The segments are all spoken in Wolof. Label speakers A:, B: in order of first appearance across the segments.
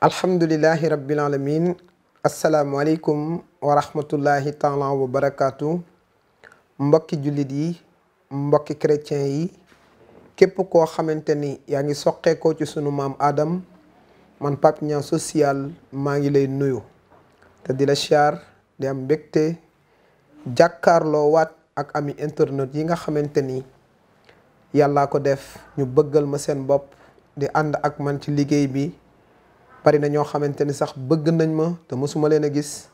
A: alhamdulilahi rabbil alamin asalaamualeykum wa rahmatullahi taala wa barakaatu mbokki jullit yi mbokki chrétien yi képp koo xamante ni yaa ngi soqeekoo ci sunu maam aadam man Pape Niang social maa ngi lay nuyu te di la siyaar di am mbégte jàkkaarloo waat ak ami internet yi nga xamante ni yàllaa ko def ñu bëggal ma seen bopp di ànd ak man ci liggéey bi bari na ñoo xamante ni sax bëgg nañ ma te mësuma leen a gis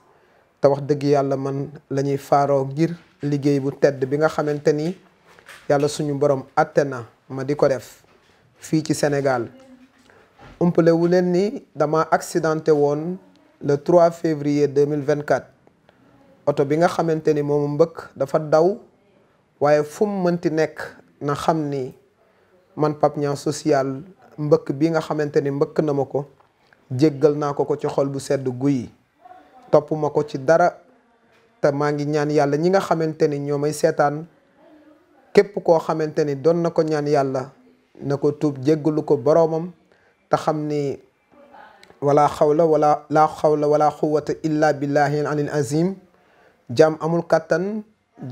A: te wax dëgg yàlla man lañuy faaroo ngir liggéey bu tedd bi nga xamante ni yàlla suñu borom àtte na ma di ko def fii ci senegal umpale wu leen ni dama accidenté woon le 3 février 2024 oto bi nga xamante ni moom mbëkk dafa daw waaye fum mu mënti nekk na xam ni man Pape Niang social mbëkk bi nga xamante ni mbëkk na ma ko jéggal naa ko ko ci xol bu sedd guyi topp ma ko ci dara te maa ngi ñaan yàlla ñi nga xamante ni ñoo may seetaan képp koo xamante ni doon na ko ñaan yàlla na ko tuub jéggalu ko boroomam te xam ni xaw la wala laa la wala quwwata illa billahi anil azim jaam amul kàttan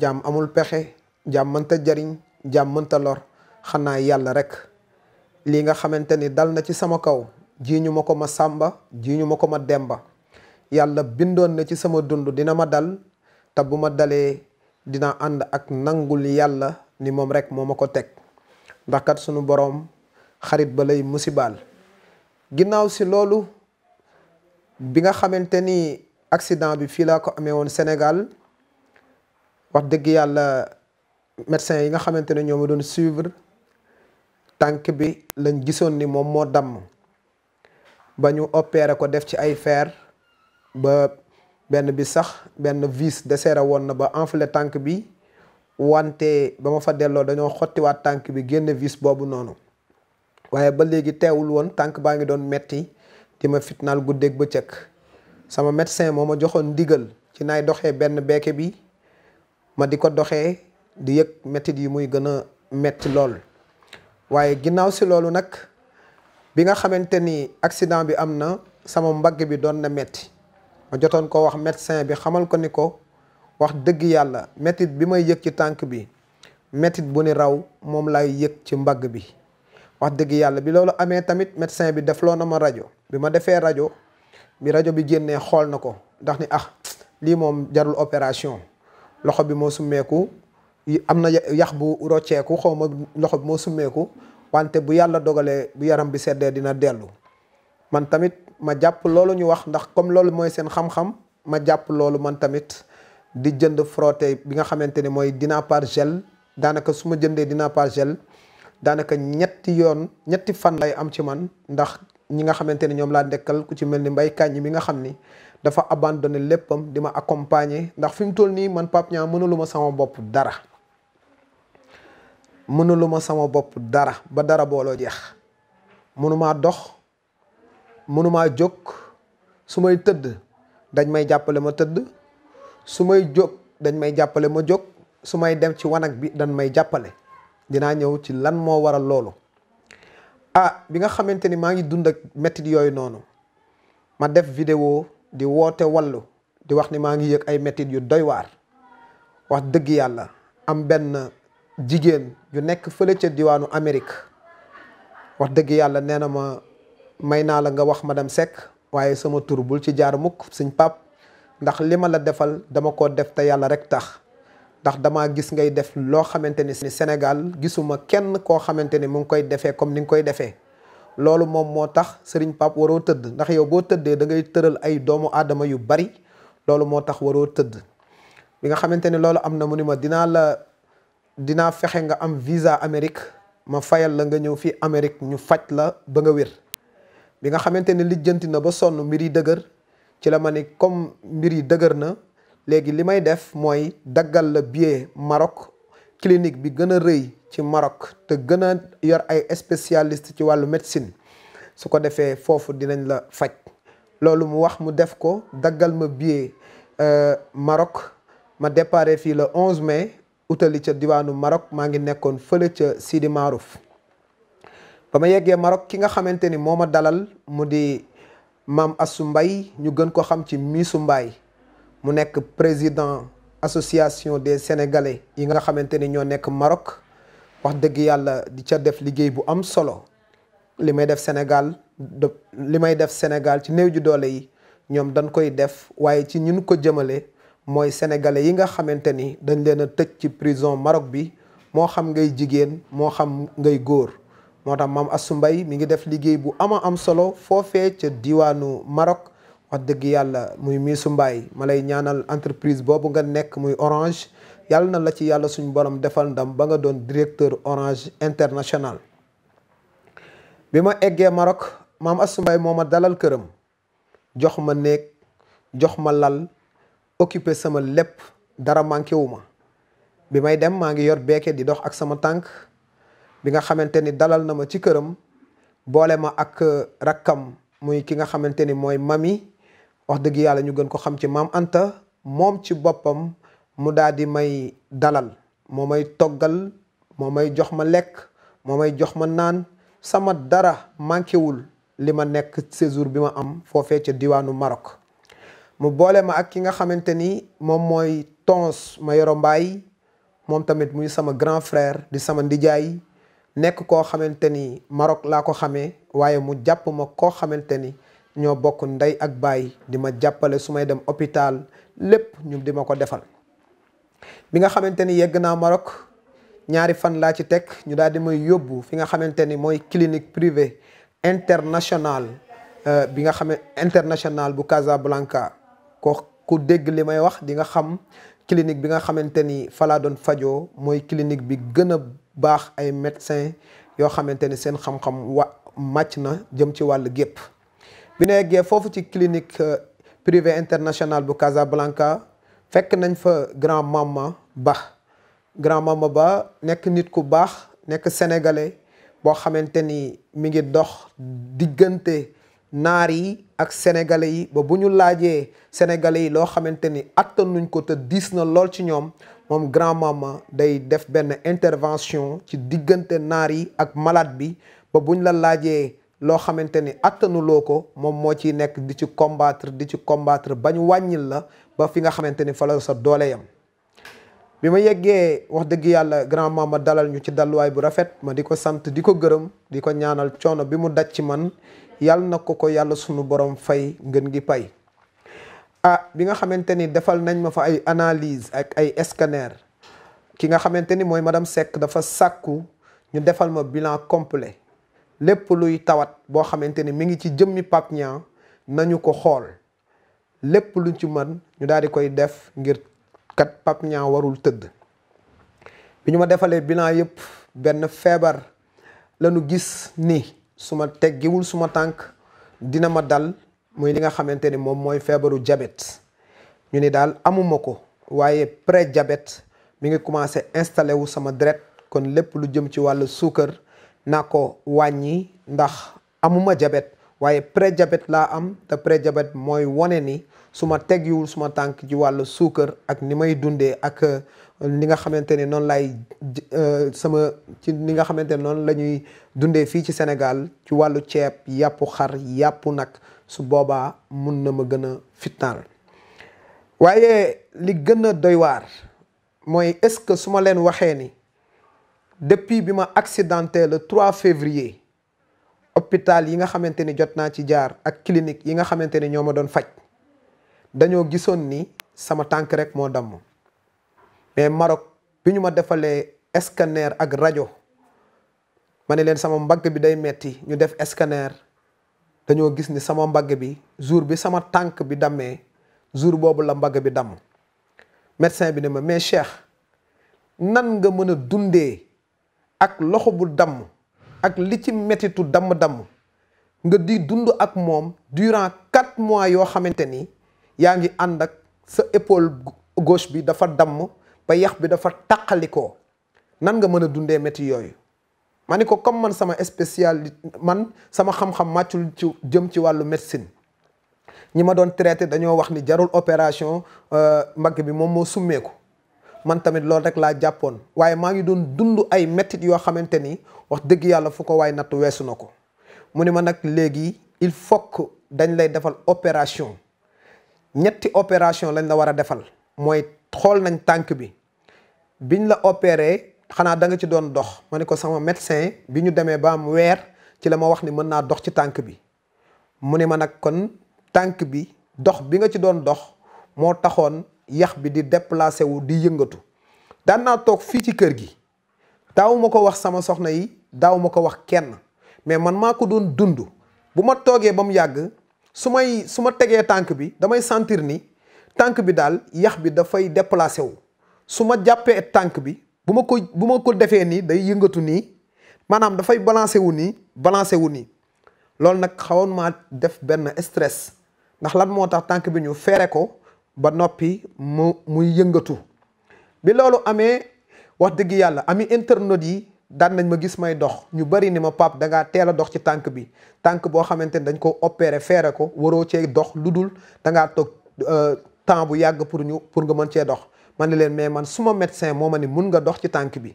A: jaam amul pexe jaam mënta jariñ jaam mënta lor xanaa yàlla rek lii nga xamante ni dal na ci sama kaw jiiñu ma ko ma sàmba jiiñu ma ko ma demba yàlla bindoon na ci sama dund dina ma dal te bu ma dalee dina ànd ak nangul yàlla ni moom rek moo ma ko teg ndax kat sunu boroom xarit ba lay musibaal ginnaaw si loolu bi nga xamante ni accident bi fii laa ko amee woon Sénégal wax dëgg yàlla médecin yi nga xamante ne ñoo ma doon suivre tànk bi lañ gisoon ni moom moo damm ba ñu opéré ko def ci ay fer ba benn bi sax benn vis desserré woon na ba enflé tànk bi wante ba ma fa delloo dañoo xottiwaat tànk bi génn vis boobu noonu waaye ba léegi teewul woon tànk baa ngi doon metti di ma fitnaal guddeeg bëccëg sama médecin moo ma joxoon ndigal ci naay doxee benn beeke bi ma di ko doxee di yëg mettit yi muy gën a metti lool waaye ginnaaw si loolu nag bi nga xamante ni accident bi am na sama mbagg bi doon na metti ma jotoon ko wax médecin bi xamal ko ni ko wax dëgg yàlla mettit bi may yëg ci tànk bi mettit bu ni raw moom lay yëg ci mbagg bi wax dëgg yàlla bi loolu amee tamit médecin bi def loo na ma rajo bi ma defee rajo bi rajo bi génnee xool na ko ndax ni ah lii moom jarul opération loxo bi moo summeeku am na yax bu rocceeku xaw loxo bi moo summeeku wante bu yàlla dogalee bu yaram bi seddee dina dellu man tamit ma jàpp loolu ñu wax ndax comme loolu mooy seen xam-xam ma jàpp loolu man tamit di jënd frotté bi nga xamante ni mooy Dinapar gel daanaka su ma jëndee Dinapar gel daanaka ñetti yoon ñetti fan lay am ci man ndax ñi nga xamante ni ñoom laa nekkal ku ci mel ni mbay kàññi mi nga xam ni dafa abandonné léppam di ma accompagner ndax fi mu toll nii man Pape mënulu ma sama bopp dara mënuluma sama bopp dara ba dara booloo jeex mënumaa dox mënumaa jóg su may tëdd dañ may jàppale ma tëdd su may jóg dañ may jàppale ma jóg su may dem ci wanag bi dañ may jàppale dinaa ñëw ci lan moo waral loolu ah bi nga xamante ni maa ngi dund ak méttit yooyu noonu ma def vidéo di woote wallu di wax ni maa ngi yëg ay méttit yu doy waar wax dëgg yàlla am benn jigéen yu nekk fële ca diwaanu Amérique wax dëgg yàlla nee na ma may naa la nga wax ma dem Seck waaye sama tur bul ci jaar mukk suñ pap ndax li ma la defal dama ko def te yàlla rek tax ndax damaa gis ngay def loo xamante ni senegal gisuma kenn koo xamante ni mu ngi koy defee comme ni nga koy defee loolu moom moo tax sëriñ pap waroo tëdd ndax yow boo tëddee da ngay tëral ay doomu aadama yu bari loolu moo tax waroo tëdd bi nga xamante ni loolu am dinaa fexe nga am visa amerique ma fayal la nga ñëw fii Amérique ñu faj la ba nga wér bi nga xamante ne lijjanti na ba sonn mbir yi dëgër ci la ma ni comme mbir yi dëgër na léegi li may def mooy daggal la billet Maroc clinique bi gën a rëy ci Maroc te gën a yor ay spécialiste ci wàllu médecine su ko defee foofu dinañ la faj loolu mu wax mu def ko daggal ma billet euh, Maroc ma déparé fii le 11 mai utali ca diwaanu Maroc maa ngi nekkoon fële ca Sidi Marouf ba ma yeggee Maroc ki nga xamante ni moo ma dalal mu di maam assu mbay ñu gën ko xam ci Miisu Mbaye mu nekk président association des sénégalais yi nga xamante ni ñoo nekk Maroc wax dëgg yàlla di ca def liggéey bu am solo li may def Sénégal li may def Sénégal ci néew ju doole yi ñoom dañ koy def waaye ci ñun ko jëmale mooy sénégalais yi nga xamante ni dañ leen a tëj ci prison Maroc bi moo xam ngay jigéen moo xam ngay góor moo tax maam Assou Mbaye mi ngi def liggéey bu ama am solo foofee ca diwaanu Maroc wax dëgg yàlla muy Miisu Mbaye ma lay ñaanal entreprise boobu nga nekk muy Orange yàlla na la ci yàlla suñu borom defal ndam ba nga doon directeur Orange international bi ma eggee Maroc maam Assou Mbaye moo ma dalal këram jox ma néeg jox ma lal occupé sama lépp dara manqué wu ma bi may dem maa ngi yor beeke di dox ak sama tànk bi nga xamante ni dalal na ma ci këram boole ma ak euh, rakkam muy ki nga xamante ni mooy mami wax dëgg yàlla ñu gën ko xam ci maam Anta moom ci boppam mu daal di may dalal moo may toggal moo may jox ma lekk moo may jox ma naan sama dara manqué wul li ma nekk séjour bi ma am foofee ca diwaanu Maroc mu boole ma ak ki nga xamante ni moom mooy Tons ma yoro Mbaye moom tamit muy sama grand frère di sama ndijaay nekk koo xamante ni Maroc laa ko xamee waaye mu jàpp ma koo xamante ni ñoo bokk ndey ak baay di ma jàppale su may dem hôpital lépp ñu di ma ko defal. bi nga xamante ni yegg naa Maroc ñaari fan laa ci teg ñu daal di may yóbbu fi nga xamante ni mooy clinique privée internationale euh, bi nga xam internationale bu Casablanca. ko ku dégg li may wax di nga xam clinique bi nga xamante ni falaa doon fajoo mooy clinique bi gën a baax ay médecin yoo xamante ni seen xam-xam wa màcc na jëm ci wàll gépp bi ñu eggee foofu ci clinique euh, privée internationale bu Casablanca fekk nañ fa grand mama Ba grand mama Ba nekk nit ku baax nekk sénégalais boo xamante ni mi ngi dox diggante naar yi ak sénégalais yi ba bu ñu laajee sénégalais yi loo xamante ni attanuñ ko te diis na lool ci ñoom moom grand maman day def benn intervention ci diggante naar yi ak malaat bi ba buñ la laajee loo xamante ni àttanuloo ko moom moo ciy nekk di ci combattre di ci combattre ba ñu wàññil la ba fi nga xamante ni fa la sa doole yam bi ma yeggee wax dëgg yàlla grand maman dalal ñu ci dalluwaay bu rafet ma di ko sant di ko gërëm di ko ñaanal coono bi mu daj ci man yàlla na ko ko yàlla sunu borom fay ngën gi pay ah bi nga xamante ni defal nañ ma fa ay analyse ak ay scanner ki nga xamante ni mooy madame sekk dafa sàkku ñu defal ma bilan complet lépp luy tawat boo xamante ni mi ngi ci jëmmi Pape Niang nañu ko xool lépp luñ ci mën ñu daal di koy def ngir kat Pape warul tëdd bi ñu ma defalee bilan yëpp benn feebar lañu gis ni su ma teggiwul suma tànk dina ma dal muy li nga xamante ni moom mooy feebaru jabet ñu ni daal amuma ko waaye pre jabet mi ngi commencé installé wu sama deret kon lépp lu jëm ci wàll suukar naa ko wàññi ndax amuma jabet waaye pré jabet laa am te pré diabète mooy wone ni su ma teggiwul suma tànk ci wàll suukar ak ni may dundee ak li nga xamante ne noonu laay euh, sama ci li nga xamante noonu la ñuy dundee fii ci senegal ci wàllu ceeb yàppu xar yàppu nag su boobaa mun na ma gën a fitnaal waaye li gën a doy mooy est-ce que su ma leen waxee ni depuis bi ma accidenté le 3 février hôpital yi nga xamante ni jot naa ci jaar ak clinique yi nga xamante ni ñoo ma doon faj dañoo gisoon ni sama tànk rek moo damm mais Maroc bi ñu ma defalee scanner ak rajo ma ne leen sama mbagg bi day metti ñu def scanner dañoo gis ni sama mbagg bi jour bi sama tànk bi dammee jour boobu la mbagg bi damm médecin bi ne ma mais Cheikh nan nga mën a dundee ak loxo bu damm ak li ci mettitu damm-damm nga di dund ak moom durant quatre mois yoo xamante ni yaa ngi ànd ak sa épaule gauche bi dafa damm ba yax bi dafa taqalikoo nan nga mën a dundee métti yooyu ma ni ko comme man sama spécialité man sama xam-xam màccul ci jëm ci wàllu médecine ñi ma doon traité dañoo wax ni jarul opération euh, mbagg bi moom moo summeeku man tamit loolu rek laa jàppoon waaye maa ngi doon dund ay méttit yoo xamante ni wax dëgg yàlla fu ko waaye nattu weesu na ko mu ni ma nag léegi il faut que dañ lay defal opération ñetti opération lañ la war a defal mooy xool nañ tànk bi biñ la opéré xanaa danga ci doon dox ma ne ko sama médecin bi ñu demee ba am weer ci la ma wax ni mën naa dox ci tànk bi mu ne ma nag kon tànk bi dox bi nga ci doon dox moo taxoon yax bi di déplacé wu di yëngatu daan naa toog fii ci kër gi daaw ko wax sama soxna yi daaw ma ko wax kenn mais man maa ko doon dund bu ma toogee ba mu yàgg su may su ma tegee tànk bi damay sentir ni tànk bi daal yax bi dafay déplacé wu su ma jàppee tànk bi bu ma ko bu ma ko defee nii day yëngatu nii maanaam dafay balancé wu nii balancé wu nii loolu nag xawoon maa def benn stress ndax lan moo tax tànk bi ñu feere ko ba noppi mu muy yëngatu bi loolu amee wax dëgg yàlla ami internautes yi daan nañ ma gis may dox ñu bari ni ma pap da ngaa teel a dox ci tànk bi tànk boo xamante ni dañ ko opéré feere ko waroo cee dox lu dul da ngaa toog euh, temps bu yàgg pour ñu pour nga mën cee dox man ne leen mais man suma médecin moo ma ni mun nga dox ci tànk bi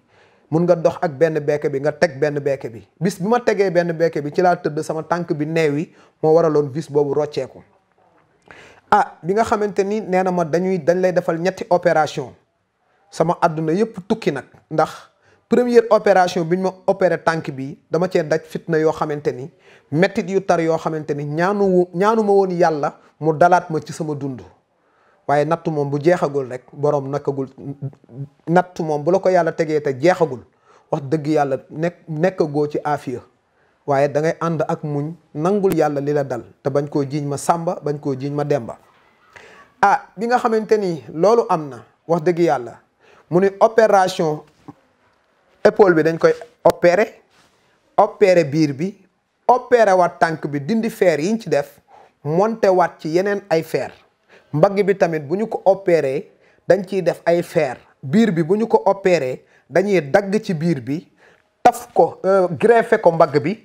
A: mun nga dox ak benn bekke bi nga teg benn bekke bi bis bi ma tegee benn bekke bi ci laa tëdd sama tànk bi neew yi moo waraloon vis boobu rocceeku ah bi nga xamante ni nee na ma dañuy dañ lay defal ñetti opération sama àdduna yëpp tukki nag ndax première opération bi ñu ma opéré tànk bi dama cee daj fitna yoo xamante ni mettit yu tar yoo xamante ni ñaanu ñaanuma woon yàlla mu dalaat ma ci sama dund waaye nattu moom bu jeexagul rek boroom nakagul nattu moom bu la ko yàlla tegee te jeexagul wax dëgg yàlla nekk nekkagoo ci aafiya waaye da ngay ànd ak muñ nangul yàlla li la dal te bañ koo jiiñ ma sàmba bañ koo jiiñ ma demba ah bi nga xamante ni loolu am na wax dëgg yàlla mu ne opération épaule bi dañ koy opéré opéré biir bi opéré waat tànk bi dindi feer yiñ ci def monte waat ci yeneen ay feer mbagg bi tamit bu ñu ko opeeree dañ ciy def ay fer biir bi bu ñu ko opéré dañuy dagg ci biir bi taf ko euh, greffé ko mbagg bi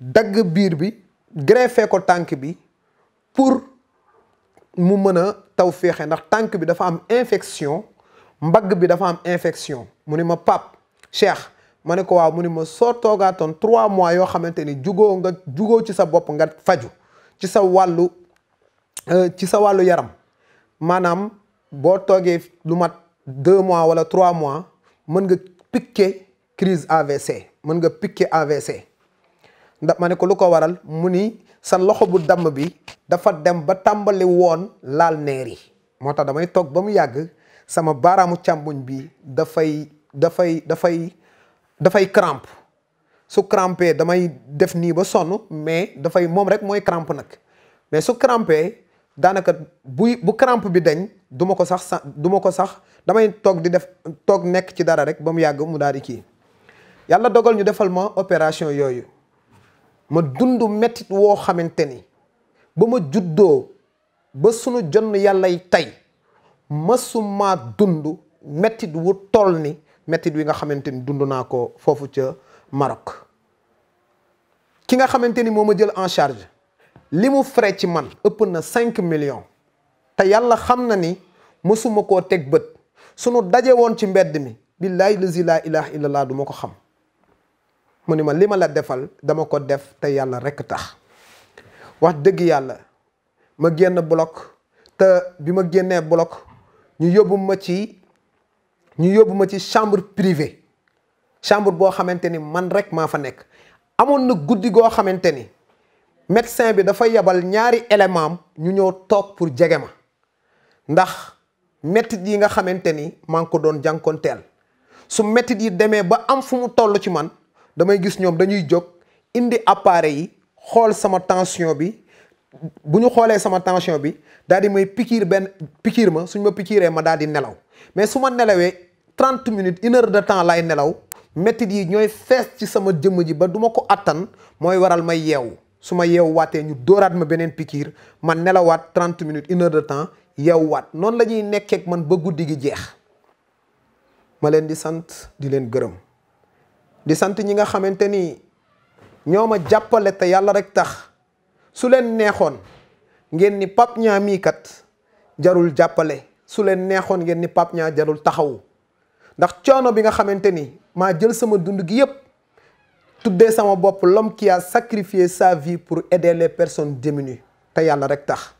A: dagg biir bi greffé ko tànk bi pour mu mën a taw féexe ndax tànk bi dafa am infection mbag bi dafa am infection mu ni ma pap cheikh ma ne ko waaw mu ni ma soo toogaatoon trois mois yoo xamante ni jugoo nga jugoo ci sa bopp nga faju ci sa wàllu Euh, ci sa wàllu yaram maanaam boo toogee lu mat deux mois wala trois mois mën nga piqué crise AVC mën nga piqué AVC ndax ma ne ko lu ko waral mu ni sa loxo bu damm bi dafa dem ba tàmbali woon laal neer yi moo tax damay toog ba mu yàgg sama baaraamu càmbuñ bi dafay dafay dafay dafay crampe su crampé damay def nii ba sonn mais dafay moom rek mooy crampe nag mais su crampé daanaka buy bu crampe bi dañ duma ko sax sa duma ko sax damay toog di def toog nekk ci dara rek ba mu yàgg mu daal di kii yàlla dogal ñu defal ma opération yooyu ma dund mettit woo xamante ni ba ma juddoo ba sunu jonn yàllay tey masumaa dund mettit wu toll ni mettit wi nga xamante ni dund naa ko foofu ca Maroc ki nga xamante ni moo ma jël en charge li mu frais ci man ëpp na cinq millions te yàlla xam na ni mësuma koo teg bët sunu daje woon ci mbedd mi billahi lazi laa ilaha illallah du ma ko xam mu ni ma li ma la defal dama ko def te yàlla rekk tax wax dëgg yàlla ma génn bloc te bi ma génnee bloc ñu yóbbu ma ci ñu yóbbu ma ci chambre privée chambre boo xamante ni man rek maa fa nekk amoon na guddi goo xamante ni médecin bi dafa yebal ñaari élément ñu ñëw toog pour jege ma ndax méttit yi nga xamante ni maa ngi ko doon jànkoonteel su méttit yi demee ba am fu mu toll ci man damay gis ñoom dañuy jóg indi appareil yi xool sama tension bi bu ñu xoolee sama tension bi daal di may pikiir benn pikiir ma suñ ma pikiiree ma daal di nelaw mais su ma nelawee trente minutes une de temps laay nelaw méttit yi ñooy fees ci sama jëmm ji ba duma ko attan mooy waral may yeewu su ma yeew waatee ñu dooraat ma beneen pikiir man nelawaat trente minutes une heure de temps yeew waat noonu la ñuy nekkeek man ba guddi gi jeex ma leen di sant di leen gërëm di sant ñi nga xamante ni ñoo ma jàppale te yàlla rek tax su leen neexoon ngeen ni Pape Niang mii kat jarul jàppale su leen neexoon ngeen ni Pape Niang jarul taxawu ndax coono bi nga xamante ni maa jël sama dund gi yépp tuddee sama bopp l'homme qui a sa vie pour aider personne personnes te yàlla rek tax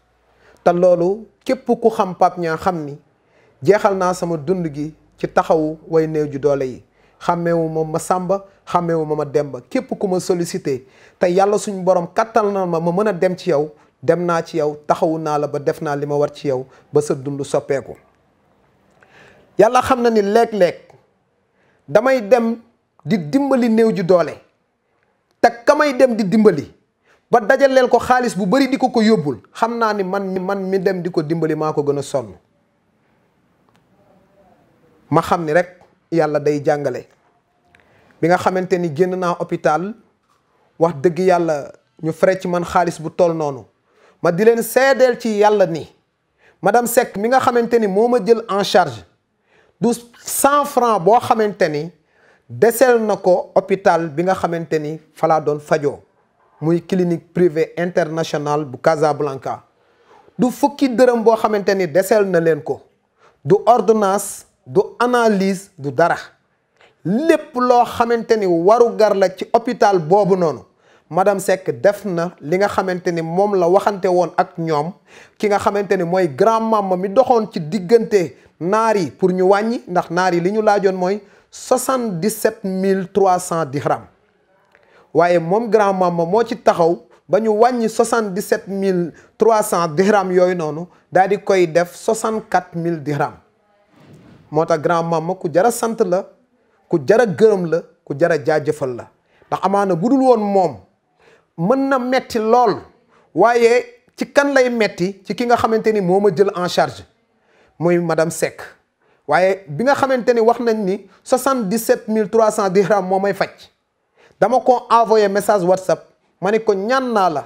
A: te loolu képp ku xam Pape xam ni jeexal naa sama dund gi ci taxawu way néew ju doole yi xàmmeewu ma ma sàmba xàmmeewu ma ma demba képp ku ma sollicité te yàlla suñu borom kattal na ma ma mën a dem ci yow dem naa ci yow taxawu naa la ba def naa li ma war ci yow ba sa dund soppeeku yàlla xam na ni léeg-léeg damay dem di dimbali néew ju doole te kamay dem di dimbali ba dajaleel ko xaalis bu bari di ko ko yóbbul xam naa ni man man mi dem di ko dimbali maa ko gën a sonn ma xam ni rek yàlla day jàngale bi nga xamante ni génn naa hôpital wax dëgg yàlla ñu fere ci man xaalis bu tool noonu ma di leen seedeel ci yàlla ni madame Seck mi nga xamante ni moo ma jël en charge du cent franc boo xamante ni deseel na ko hôpital bi nga xamante ni falaa doon fajoo muy clinique privée internationale bu Casablanca du fukki dërëm boo xamante ni deseel na leen ko du ordonnance du analyse du dara lépp loo xamante ni warugar la ci hôpital boobu noonu madame Seck def na li nga xamante ni moom la waxante woon ak ñoom ki nga xamante ni mooy grand maman mi doxoon ci diggante naar yi pour ñu wàññi ndax naar yi li ñu laajoon mooy mille 77 300 dirham waaye moom grand mama moo ci taxaw ba ñu wàññi 77 300 dirham yooyu noonu daal di koy def 64 000 dirham moo tax grand ma ku jar a sant la ku jar a gërëm la ku jar a jaajëfal la ndax amaana bu dul woon moom mën na metti lool waaye ci kan lay metti ci ki nga xamante ni moo ma jël en charge muy madame Seck waaye bi nga xamante ni wax nañ ni 77 300 dirham moo may faj dama ko envoyé message whatsapp ma ne ko ñaan naa la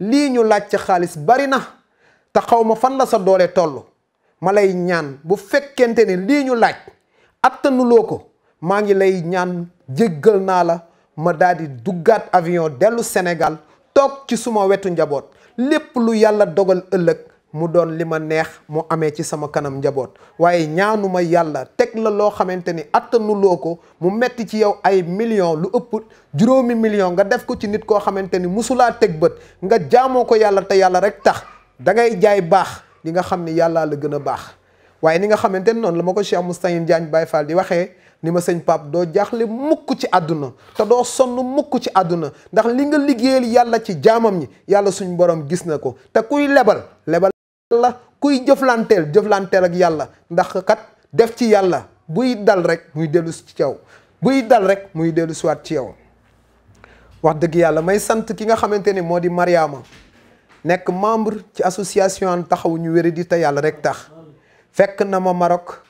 A: lii ñu laaj ci xaalis bari na te xaw ma fan la sa doole toll ma lay ñaan bu fekkente ni lii ñu laaj attanuloo ko maa ngi lay ñaan jéggal naa la ma daal di duggaat avion dellu Sénégal toog ci suma wetu njaboot lépp lu yàlla dogal ëllëg mu doon li ma neex mu amee ci sama kanam njaboot waaye ñaanuma yàlla teg la loo xamante ni attanuloo ko mu metti ci yow ay million lu ëpp juróomi million nga def ko ci nit koo xamante ni musulaa teg bët nga jaamoo ko yàlla te yàlla rek tax da ngay jaay baax li nga xam ni yàllaa la gën a baax waaye ni nga xamante ni noonu la ma ko Cheikh Moustahine Diagne Baye Fall di waxee ni ma sëñ Pape doo jaaxle mukk ci àdduna te doo sonn mukk ci àdduna ndax li nga liggéeyal yàlla ci jaamam ñi yàlla suñ borom gis na ko te kuy yàlla kuy jëflanteel jëflanteel ak yàlla ndax kat def ci yàlla buy dal rek muy dellu ci yow buy dal rek muy dellu siwaat ci yow wax dëgg yàlla may sant ki nga xamante ni moo di Mariama nekk membre ci association taxawu ñu wéri di te yàlla rek tax fekk na ma marok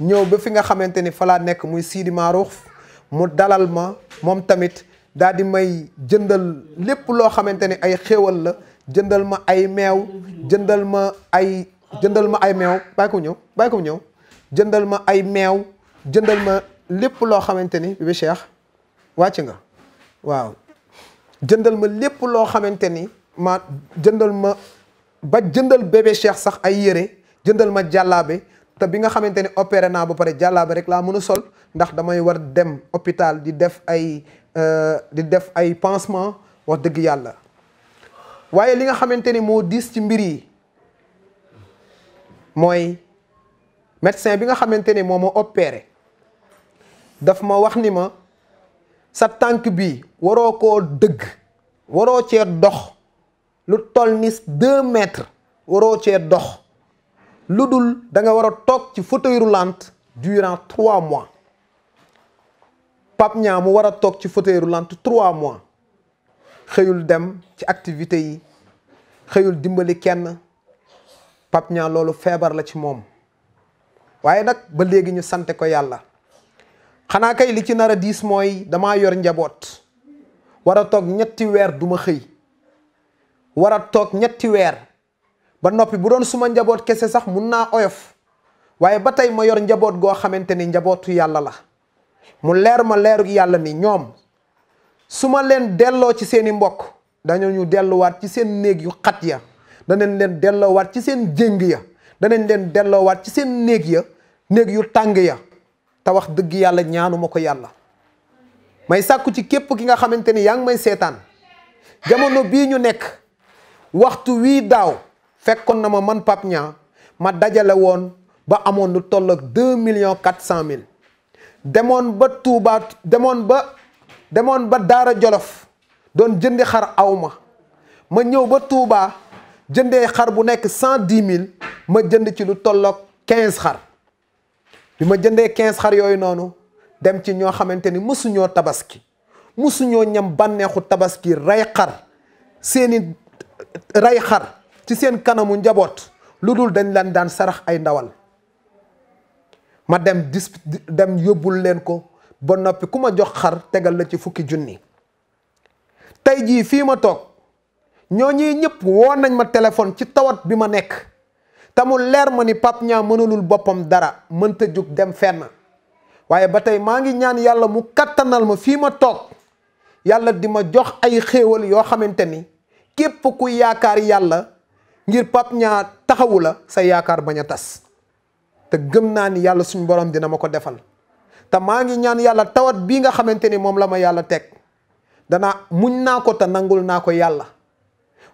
A: ñëw ba fi nga xamante ni fala nekk muy Sidi Marouf mu dalal ma moom tamit daal di may jëndal lépp loo xamante ni ay xéewal la jëndal ma ay meew jëndal ma ay jëndal ma ay meew bàyyi ñëw bàyyi ñëw jëndal ma ay meew jëndal ma lépp loo xamante ni bi Cheikh wàcc nga waaw jëndal ma lépp loo xamante ni ma jëndal ma ba jëndal bébé Cheikh sax ay yére jëndal ma jàllaabe te bi nga xamante ne opéré naa ba pare jàllaabe rek laa mën a sol ndax damay war dem hôpital di def ay euh, di def ay pansement wax dëgg yàlla waaye li nga xamante ni moo diis ci mbir yi mooy médecin bi nga xamante ni moo ma opéré daf ma wax ni ma sa tànk bi waroo ko dëgg waroo cee dox lu toll ni deux mètres waroo cee dox lu dul da nga war a toog ci fauteuil roulant durant trois mois Pape Niang mu war a toog ci fauteuil roulant trois mois xëyul dem ci activité yi xëyul dimbali kenn Pape Niang loolu feebar la ci moom waaye nag ba léegi ñu sante ko yàlla xanaa kay li ci nar a diis mooy dama yor njaboot war a toog ñetti weer du xëy war a toog ñetti weer ba noppi bu doon suma njaboot kese sax mun naa oyof waaye ba tey ma yor njaboot goo xamante ni njabootu yàlla la mu leer ma leeru yàlla ni ñoom su ma leen delloo ci seeni mbokk dañu ñu delluwaat ci seen néeg yu xat ya danañ leen delloowaat ci seen jéng ya danañ leen delloowaat ci seen néeg ya néeg yu tàng ya te wax dëgg yàlla ñaanu ma ko yàlla may sàkku ci képp ki nga xamante ni yaa ngi may seetaan jamono bii ñu nekk waxtu wii daaw fekkoon na ma man Pape ma dajale woon ba amoon lu toll ak deux millions cent mille demoon ba demoon ba Daara Jolof doon jëndi xar awma ma ñëw ba Touba jëndee xar bu nekk cent dix mille ma jënd ci lu tolloog quinze xar bi ma jëndee quinze xar yooyu noonu dem ci ñoo xamante ni mësuñoo tabaski mësuñoo ñam bànneexu tabaski rey xar seeni rey xar ci seen kanamu njaboot lu dul dañ leen daan sarax ay ndawal ma dem dis dem yóbbul leen ko ba noppi ku ma jox xar tegal la ci fukki junni tey jii fii ma toog ñoo ñooñu ñëpp woo nañ ma téléphone ci tawat bi ma nekk tamul leer ma ni Pape Niang mënulul boppam dara mënta jóg dem fenn waaye ba tey maa ngi ñaan yàlla mu kattanal ma fii ma toog yàlla di ma jox ay xéewal yoo xamante ni képp ku yaakaar yàlla ngir Pape Niang taxawu la sa yaakaar bañ a tas te gëm naa ni yàlla suñu borom dina ma ko defal te maa ngi ñaan yàlla tawat bii nga xamante ni moom la ma yàlla teg danaa muñ naa ko te nangul naa ko yàlla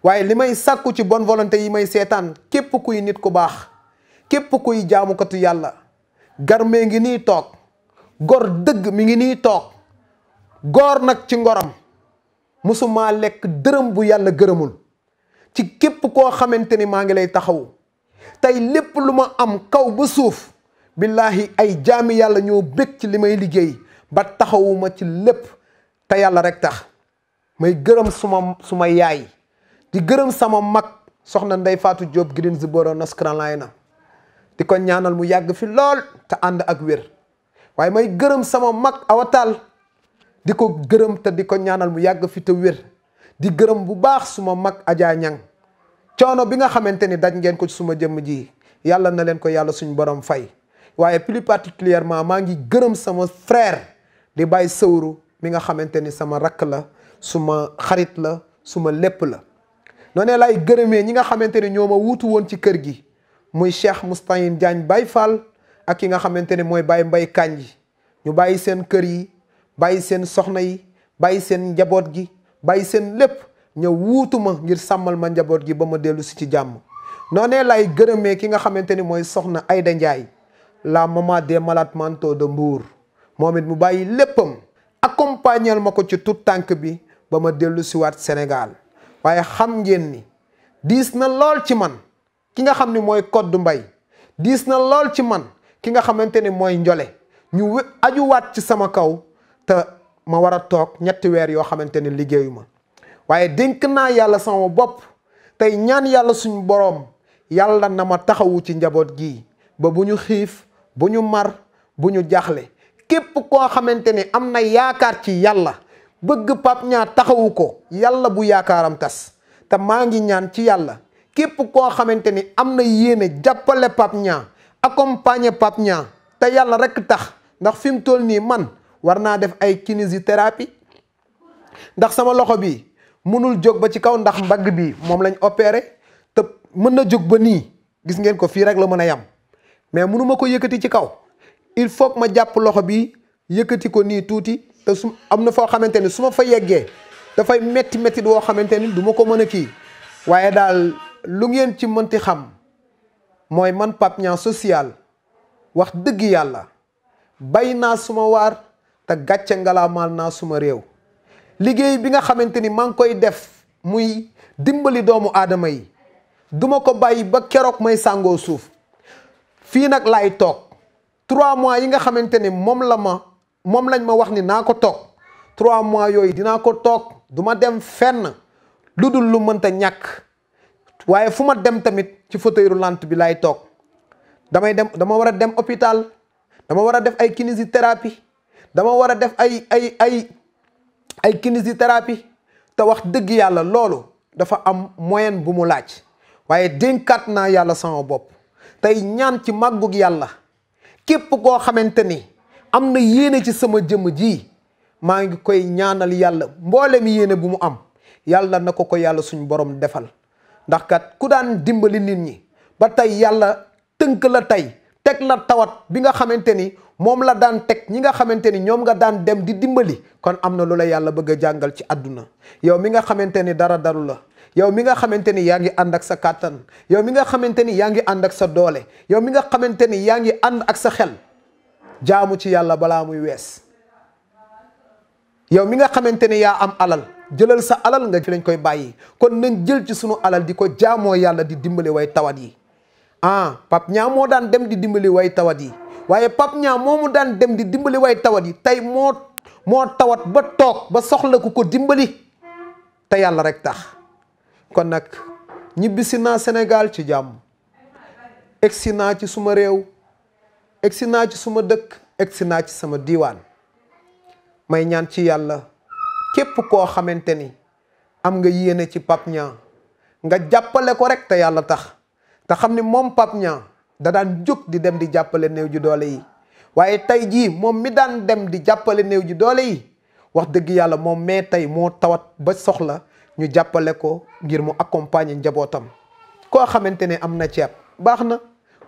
A: waaye li may sàkku ci bonne volonté yi may seetaan képp kuy nit ku baax képp kuy jaamukatu yàlla garmee ngi nii toog gor dëgg mi ngi nii toog goor nag ci ngoram musumaa lekk dërëm bu yàlla gërëmul ci képp koo xamante ni maa ngi lay taxaw tey lépp lu ma am kaw ba suuf billaahi ay jaami yàlla ñoo bég ci li may liggéey ba taxawuma ci lépp te yàlla rek tax may gërëm suma suma yaay di gërëm sama mag soxna Ndey Faatu Jóob Greensboro North na di ko ñaanal mu yàgg fi lool te ànd ak wér waaye may gërëm sama mag awataal di ko gërëm te di ko ñaanal mu yàgg fi te wér di gërëm bu baax suma mag Ajaa Ñang coono bi nga xamante ni daj ngeen ko ci suma jëmm ji yàlla na leen ko yàlla suñ borom fay waaye plus particulièrement maa ngi gërëm sama frère di bàyyi sëwru mi nga xamante ni sama rakk la su ma xarit la su ma lépp la noonee lay gërëmee ñi nga xamante ni ñoo ma wuutu woon ci kër gi muy Cheikh Moustahine Diagne Baye Fall ak ki nga xamante ni mooy Baye Mbaye Kandji ñu bàyyi seen kër yi bàyyi seen soxna yi bàyyi seen njaboot gi bàyyi seen lépp ñëw wuutu ma ngir sàmmal ma njaboot gi ba ma dellu si ci jàmm noonee laay gërëmee ki nga xamante ni mooy soxna ayda Ndiaye laa maman des malades mentaux de Mbour moom it mu bàyyi léppam accompagnel ma ko ci tout tànk bi ba ma dellu siwaat Sénégal waaye xam ngeen ni diis na lool ci man ki nga xam ni mooy Codou mbay diis na lool ci man ki nga xamante ni mooy njole ñu ajuwaat ci sama kaw te ma war a toog ñetti weer yoo xamante ni liggéeyu ma waaye dénk naa yàlla sama bopp tey ñaan yàlla suñu boroom yàlla na ma taxawu ci njaboot gi ba bu ñu xiif bu ñu mar bu ñu jaaxle képp koo xamante ne am na yaakaar ci yàlla bëgg Pape Niang taxawu ko yàlla bu yaakaaram tas te maa ngi ñaan ci yàlla képp koo xamante ni am na yéene jàppale Pape Niang accompagner Pape Niang te yàlla rek tax ndax fi mu toll nii man war naa def ay terapi ndax sama loxo bi mënul jóg ba ci kaw ndax mbagg bi moom lañ opéré te mën na jóg ba nii gis ngeen ko fii rek la mën a yam mais munu ko yëkkati ci kaw il faut ma jàpp loxo bi yëkkati ko nii tuuti te su am na foo xamante ni su ma fa yeggee dafay metti metti woo xamante ni du ko mën a kii waaye daal lu ngeen ci mënti xam mooy man Pape Niang social wax dëgg yàlla bay naa suma waar te gàcce ngalaamaal naa suma réew liggéey bi nga xamante ni maa ngi koy def muy dimbali doomu aadama yi duma ko bàyyi ba keroog may sàngoo suuf fii nag laay toog trois mois yi nga xamante ni moom la ma moom lañ ma wax ni naa ko toog trois mois yooyu dinaa ko toog duma dem fenn lu dul lu mënta ñàkk waaye fu ma dem tamit ci fauteuil roulant bi laay toog damay dem dama war a dem hôpital dama war a def ay kinésithérapie dama war a def ay ay ay ay kinésithérapie te wax dëgg yàlla loolu dafa am moyen bu mu laaj waaye dénkaat naa yàlla sama bopp tey ñaan ci màggug yàlla képp koo xamante ni am na yéene ci sama jëmm ji maa ngi koy ñaanal yàlla mboolem yéene bu mu am yàlla na ko ko yàlla suñ borom defal ndax kat ku daan dimbali nit ñi ba tey yàlla tënk la tey teg la tawat bi nga xamante ni moom la daan teg ñi nga xamante ni ñoom nga daan dem di dimbali kon am na lu la yàlla bëgg a jàngal ci àdduna yow mi nga xamante ni dara daru la yow mi nga xamante ni yaa ngi ànd ak sa kàttan yow mi nga xamante ni yaa ngi ànd ak sa doole yow mi nga xamante ni yaa ngi ànd ak sa xel jaamu ci yàlla balaa muy wees yow mi nga xamante ni yaa am alal jëlal sa alal nga ci lañ koy bàyyi kon nañ jël ci sunu alal di ko jaamoo yàlla di dimbali way tawat yi ah Pape Niang moo daan dem di dimbali way tawat yi waaye Pape Niang moomu daan dem di dimbali way tawat yi tey moo moo tawat ba toog ba soxla ku ko dimbali te yàlla rek tax kon nag ñibbisi naa senegaal ci jàmm egsi naa ci suma réew egsi naa ci suma dëkk egsi naa ci sama diwaan may ñaan ci yàlla képp koo xamante ni am nga yéene ci Pape Niang nga jàppale ko rek te yàlla tax te xam ni moom Pape Niang da daan jóg di dem di jàppale néew ji doole yi waaye tey jii moom mi daan dem di jàppale néew ji doole yi wax dëgg yàlla moom mais tey moo tawat ba soxla ñu jàppale ko ngir mu accompagner njabootam koo xamante ne am na ceeb baax na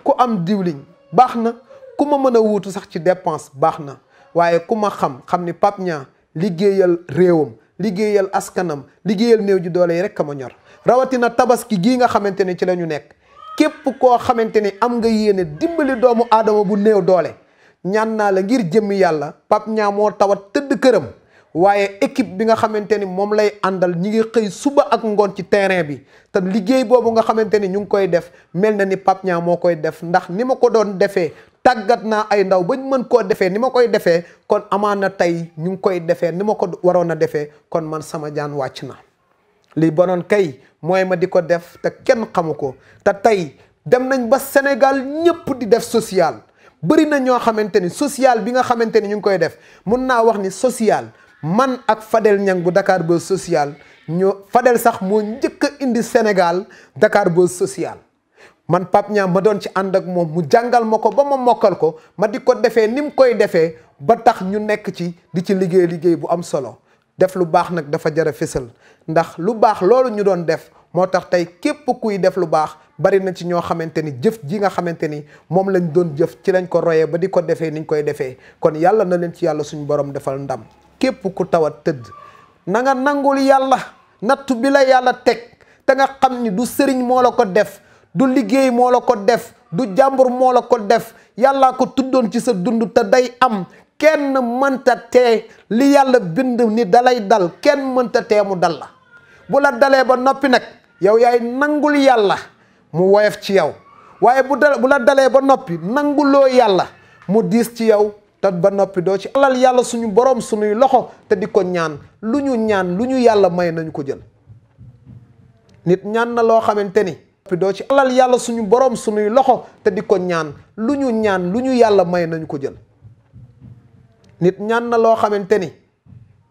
A: ku am diwlin baax na ku ma mën a wutu sax ci dépense baax na waaye ku ma xam xam ni Pape ñaa liggéeyal réewam liggéeyal askanam liggéeyal néew ji doole yi rek a ma ñor rawatina tabaski gii nga xamante ne ci la ñu nekk képp koo xamante ni am nga yéene dimbali doomu aadama bu néew doole ñaan naa la ngir jëmmi yàlla Pape ñaa moo tawat tëdd këram waaye équipe bi nga xamante ni moom lay àndal ñi ngi xëy suba ak ngoon ci terrain bi te liggéey boobu nga xamante ni ñu ngi koy def mel na ni Pape moo koy def ndax ni ma ko doon defee tàggat naa ay ndaw bañ mën koo defee ni ma koy defee kon amaana tey ñu ngi koy defee ni ma ko waroon a defee kon man sama jaan wàcc na li bonoon kay mooy ma di ko def te kenn xamu ko te tey dem nañ ba Sénégal ñëpp di def social bari na ñoo xamante ni social bi nga xamante ni ñu ngi koy def mun naa wax ni social man ak Fadel Niang bu Dakar Buzz social ñoo Fadel sax moo njëkk indi Sénégal Dakar Buzz social man Pape Niang ma doon ci ànd ak moom mu jàngal ma ko ba ma mokkal ko ma di ko defee ni mu koy defee ba tax ñu nekk ci di ci liggéey liggéey bu am solo def lu baax nag dafa jar a ndax lu baax loolu ñu doon def moo tax tey képp kuy def lu baax bari na ci ñoo xamante ni jëf ji nga xamante ni moom lañ doon jëf ci lañ ko royee ba di ko defee niñ koy defee kon yàlla na leen ci yàlla suñu borom defal ndam képp ku tawat tëdd nanga nangul yàlla nattu bi la yàlla teg te nga xam ni du sëriñ moo la ko def du liggéey moo la ko def du jàmbur moo la ko def yàlla ko tuddoon ci sa dund te day am kenn mënta li yàlla bind ni dalay dal kenn mënta tee mu dal la bu la dalee ba noppi nag yow yaay nangul yàlla mu woyof ci yow waaye bu dalee ba noppi nanguloo yàlla mu diis ci yow te ba noppi doo ci alal yàlla suñu borom suñuy loxo te di ko ñaan lu ñu ñaan lu ñu yàlla may nañu ko jël nit ñaan na loo xamante ni doo ci alal yàlla suñu borom suñuy loxo te di ko ñaan lu ñu ñaan lu ñu yàlla may nañu ko jël nit ñaan na loo xamante ni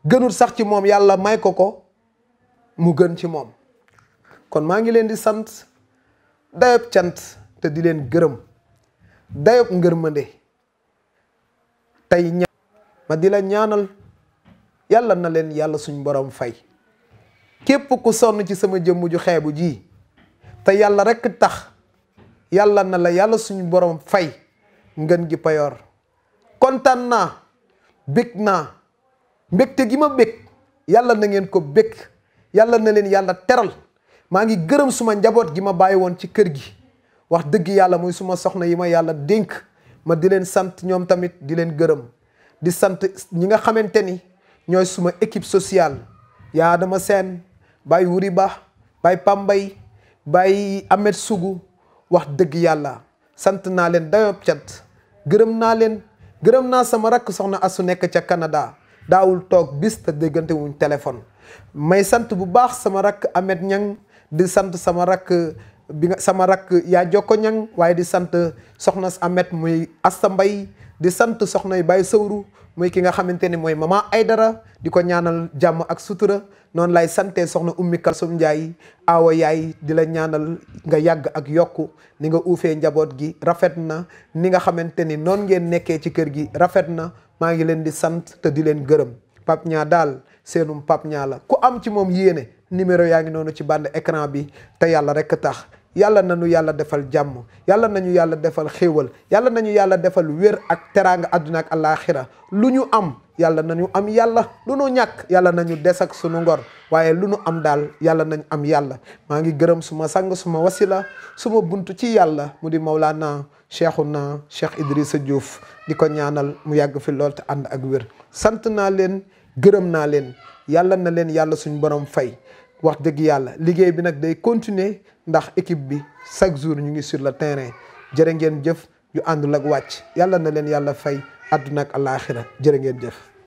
A: gënul sax ci moom yàlla may ko ko mu gën ci moom kon maa ngi leen di sant dayob cant te di leen gërëm dayob ngërmande tey ña ma ñaanal yàlla na leen yàlla suñ boroom fay képp ku sonn ci sama jëmm ju xeebu ji te yàlla rekk tax yàlla na la yàlla suñu boroom fay ngeen gi payoor kontaan naa bég naa mbégte gi ma bég yàlla na ngeen ko bég yàlla na leen yàlla teral maa ngi gërëm suma njaboot gi ma bàyyi woon ci kër gi wax dëgg yàlla mooy suma soxna yi ma yàlla dénk ma di leen sant ñoom tamit di leen gërëm di sant ñi nga xamante ni ñooy suma équipe sociale yaa Adama Sène Baye Wuri Ba Baye Pambay Baye Ahmed Sougou wax dëgg yàlla sant naa leen dayob gërëm naa leen gërëm naa sama rakk soxna asu nekk ca Canada daawul toog bis te déggante wuñ téléphone may sant bu baax sama rakk Ahmed Niang di sant sama rakk bi nga sama rakk yaa ko ñang waaye di sant soxna Amet muy Asta Mbay di sant soxna yu Baye Sowru muy ki nga xamante ni mooy ay dara di ko ñaanal jàmm ak sutura noonu lay sante soxna Ummi Kalsum Njaay aawa yaay di la ñaanal nga yàgg ak yokk ni nga uufee njaboot gi rafet na ni nga xamante ni noonu ngeen nekkee ci kër gi rafet na maa ngi leen di sant te di leen gërëm Pape Ñaa daal seenum Pape Ñaa la ku am ci moom yéene numéro yaa ngi noonu ci bande écran bi te yàlla rek tax yàlla nañu yàlla defal jàmm yàlla nañu yàlla defal xéewal yàlla nañu yàlla defal wér ak teraanga àdduna ak alaaxira lu ñu am yàlla na nañu am yàlla lu nu ñàkk yàlla nañu des ak sunu ngor waaye lu nu am daal yàlla nañ am yàlla maa ngi gërëm suma sang suma wasila suma buntu ci yàlla mu di Mawlana Cheikhuna Cheikh sa Diouf di ko ñaanal mu yàgg fi lool te ànd ak wér sant naa leen gërëm naa leen yàlla na leen yàlla suñu borom fay wax dëgg yàlla liggéey bi nag day continuer ndax équipe bi chaque jour ñu ngi sur le terrain jërë ngeen jëf yu àndul ak wàcc yàlla na leen yàlla fay àdduna ak àllaaxira jërë ngeen jëf.